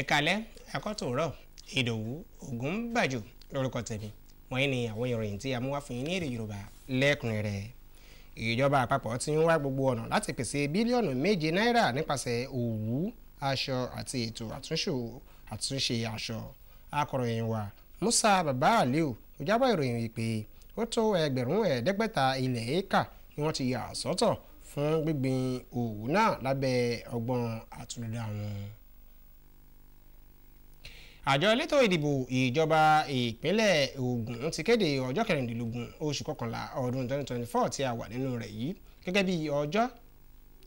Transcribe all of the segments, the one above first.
ẹ̀kálẹ́ ẹ̀kọ́tò rọ̀ ìdòwú ògúnbàjò lórúkọ tèmi wọ́n ní àwọn ìròyìn tí a mú wá fún yín ní èdè yorùbá lẹ́kùnrẹ́rẹ́ ìjọba àpapọ̀ ti ń wá gbogbo ọ̀nà láti pèsè bílíọ̀nù méje náírà nípasẹ̀ òwú aṣọ àti ètò àtúnṣe aṣọ akọ̀ròyìn wa musa baba aliu kò jábọ̀ ìròyìn yìí pé ó tó ẹgbẹ̀rún ẹ̀ẹ́dẹ́gbẹ̀ta ilẹ̀ éékà ni wọ́n ti yà sọ́tọ̀ fún gbígbin òwú náà lábẹ́ ọgbọ́n àtúndà wọn àjọ elétò ìdìbò ìjọba ìpínlẹ̀ Ògùn ti kéde ọjọ́ kẹrìndínlógún oṣù kọkànlá ọdún 2024 tí a wà nínú rẹ̀ yìí gẹ́gẹ́ bí ọjọ́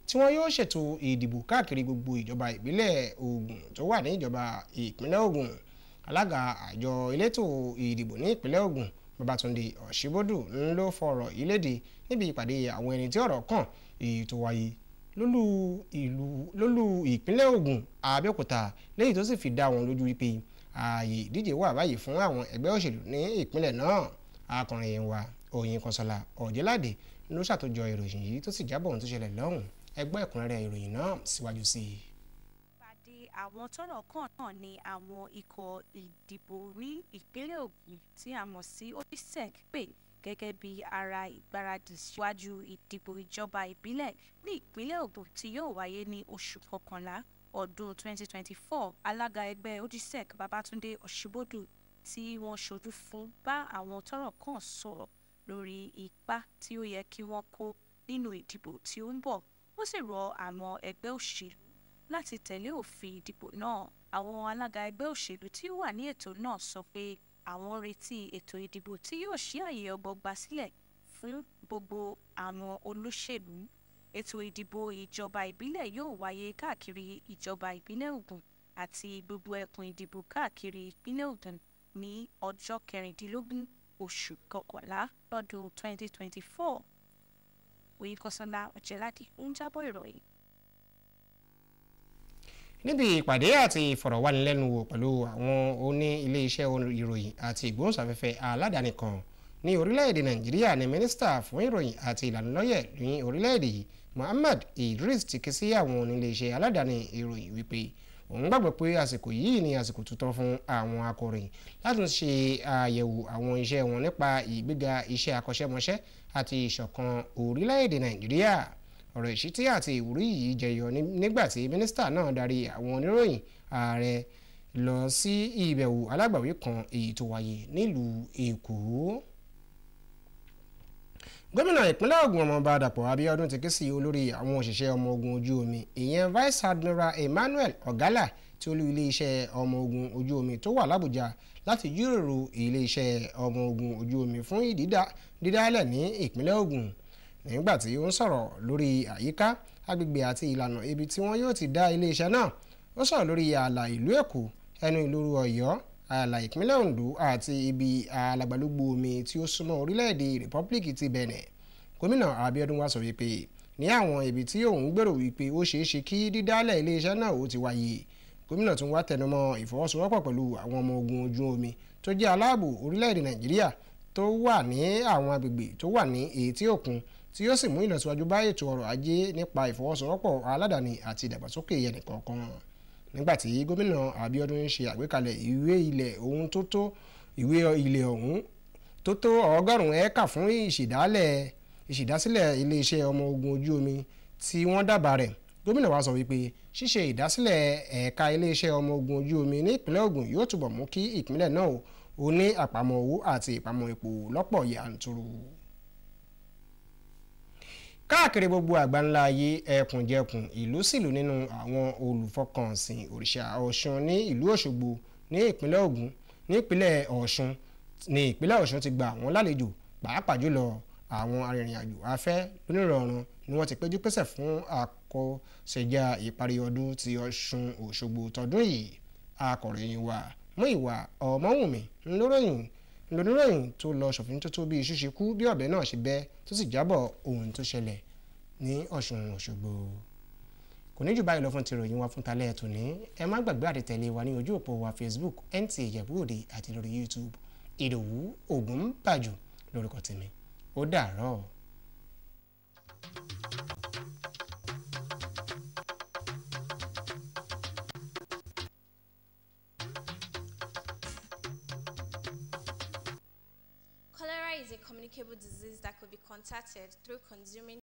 tí wọ́n yóò ṣètò ìdìbò káàkiri gbogbo ìjọba ìbílẹ̀ Ògùn tó wà ní ìjọba ìpínlẹ̀ Ògùn alága àjọ elétò ìdìbò ní ìpínlẹ̀ Ògùn Babátúndé Ọ̀ṣíbódù ń ló fọ̀rọ̀ ìlédè níbi ìpàdé àwọn ẹni tí ọ̀rọ̀ kàn èyí tó wáyé lólú ìlú lólú ìpínlẹ̀ Ògùn Abẹ́òkúta lẹ́yìn tó sì fi dá wọn lójú wípé ààyè ìdíje wà báyìí fún àwọn ẹgbẹ́ òṣèlú ní ìpínlẹ̀ náà akọrin wa Òyìn Kọsọlá Ọ̀jẹ́ládé ló ṣàtòjọ ìròyìn yìí tó sì jábọ̀ ohun tó ṣẹlẹ̀ lọ́hùn ẹgbẹ́ ẹ̀kúnrẹ́rẹ́ ìròyìn náà síwájú sí i. ìpàdé àwọn tọ́rọ̀ kàn náà ni àwọn ikọ̀ ìdìbò ní ìpínlẹ̀ ogun tí a mọ̀ sí opisec pè gẹ́gẹ́ bí ara ìgbáradì síwájú ìdìbò ìjọba ìbílẹ̀ ní ìpínlẹ̀ Ògùn tí yóò wáyé ní oṣù kọkànlá ọdún 2024 alága ẹgbẹ́ odisec Babátúndé Ọ̀ṣíbódù tí wọ́n ṣojú fún bá àwọn tọ́rọ̀ kàn sọ̀rọ̀ lórí ipa tí ó yẹ kí wọ́n kó nínú ìdìbò tí ó ń bọ̀ ó sì rọ àwọn ẹgbẹ́ òṣèlú láti tẹ̀lé òfin ìdìbò náà àwọn alága ẹgbẹ́ òṣèlú tí ó wà ní ètò náà sọ pé àwọn retí ètò ìdìbò tí yóò ṣí àyè ọgbọgba sílẹ̀ fún gbogbo àwọn olóṣèlú ètò ìdìbò ìjọba ìbílẹ̀ yóò wáyé káàkiri ìjọba ìbílẹ̀ Ògùn àti gbogbo ẹkùn ìdìbò káàkiri ìpínlẹ̀ Ògùn ní ọjọ́ kẹrìndínlógún oṣù kọkànlá lọ́dún 2024 Oyinkansola Ọ̀jẹ̀ládé ń jábọ̀ ìròyìn níbi ìpàdé àti ìfọ̀rọ̀wánilẹ́nuwò pẹ̀lú àwọn oní iléeṣẹ́ ìròyìn àti ìgbóhùnsáfẹ́fẹ́ aládàáni kan ní orílẹ̀-èdè nàìjíríà ní mínísítà fún ìròyìn àti ìlanilọ́yẹ̀ ní orílẹ̀-èdè yìí Muhammad Idris ti ké sí àwọn oníléeṣẹ́ aládàáni ìròyìn wípé òun gbàgbọ́ pé àsìkò yìí ni àsìkò tuntun fún àwọn akọ̀ròyìn láti ṣe àyẹ̀wò àwọn iṣẹ́ wọn nípa ìgbéga iṣẹ́ akọ́ṣẹ́mọṣẹ́ àti ìṣọ̀kan orílẹ̀-èdè nàìjíríà ọ̀rọ̀ ìṣítí àti ìwúrí yìí jẹyọ nígbà tí mínísítà náà darí àwọn oníròyìn ààrẹ lọ sí ìbẹ̀wò alágbàwí kan èyí tó wáyé nílùú èkó gómìnà ìpínlẹ̀ Ògùn ọmọọba Dàpọ̀ Abíọ́dún ti ké sí olórí àwọn òṣìṣẹ́ ọmọ ogun ojú omi ìyẹn Vice Admiral Emmanuel Ogala tí olú iléeṣẹ́ ọmọ ogun ojú omi tó wà l'Àbújá láti jíròrò iléeṣẹ́ ọmọ ogun ojú omi fún ìdídálẹ̀ ní ìpínlẹ̀ Ògùn nígbà tí ó ń sọ̀rọ̀ lórí àyíká agbègbè àti ìlànà ibi tí wọ́n yóò ti dá iléeṣẹ́ náà ó sọ̀rọ̀ lórí ààlà ìlú Èkó ẹnu ìlú Ọ̀yọ́ ààlà ìpínlẹ̀ Ondo àti ibi alàgbàlógbò omi tí ó súnmọ́ orílẹ̀-èdè Republic ti Benin gómìnà Abíọ́dún wá sọ wípé ní àwọn ibi tí òun gbèrò wípé ó ṣeé ṣe kí dídálẹ̀ iléeṣẹ́ náà ó ti wáyé gómìnà tún wá tẹnumọ́ ìfọwọ́sowọ́pọ̀ pẹ̀lú àwọn ọmọ ogun ojú omi tó jẹ́ aláàbò orílẹ̀-èdè Nàìjíríà tó wà ní àwọn agbègbè tó wà ní etí òkun tí yóò sì mú ìlọsíwájú bá ètò ọrọ̀ ajé nípa ìfọwọ́sowọ́pọ̀ aládàáni àti ìdàgbàsókè ẹnìkọ̀ọ̀kan nígbàtí gómìnà Abíọ́dún ń ṣe àgbékalẹ̀ ìwé ilẹ̀ ohun tó tó ìwé ilẹ̀ ọ̀hún tó tó ọgọ́rùn-ún ẹ̀ka fún ìṣèdálẹ̀ ìṣèdásílẹ̀ iléeṣẹ́ ọmọ ogun ojú omi tí wọ́n dábàá rẹ̀ gómìnà wa sọ wípé ṣíṣe ìdásílẹ̀ ẹ̀ka iléeṣẹ́ ọmọ ogun ojú omi ní ìpínlẹ̀ Ògùn yóò túbọ̀ mú kí ìpínlẹ̀ náà ó ní àpamọ́ owó àti ìpamọ́ epo lọ́pọ̀ yanturu káàkiri gbogbo àgbáńlá ayé ẹkùnjẹkùn ìlú sílù nínú àwọn olùfọkànsìn òrìṣà ọ̀ṣun ní ìlú òṣogbo ní ìpínlẹ̀ ògùn nípínlẹ̀ ọ̀ṣun ní ìpínlẹ̀ ọ̀ṣun ti gba àwọn lálejò pàápàá jùlọ àwọn arìnrìnàjò afẹ́ lónìrọ̀rùn ni wọ́n ti péjú pésẹ̀ fún àkọsẹ̀já ìparí ọdún ti ọ̀ṣun òṣogbo tọdún yìí akọ̀ròyìn wa Múyìwá Ọmọ́wùnmí ńlọrọyìn ńlọrọyìn tó lọ ṣòfin tó tó bí iṣu ṣe kú bí ọ̀bẹ náà ṣe bẹ́ tó sì jábọ̀ ohun tó ṣẹlẹ̀ ní Ọ̀ṣun Òṣogbo kò ní jù báyìí lọ fún ti ròyìn wa fún talẹ́ ẹ̀tù ní ẹ má gbàgbé àtẹ̀tẹ̀lé wa ní ojú òpó wa Facebook NTA Ìjẹ̀bú Òde àti lórí YouTube Ìdòwú Ògúnbàjò lórúkọ tèmi ó dàárọ̀. communicable disease that could be contacted through consuming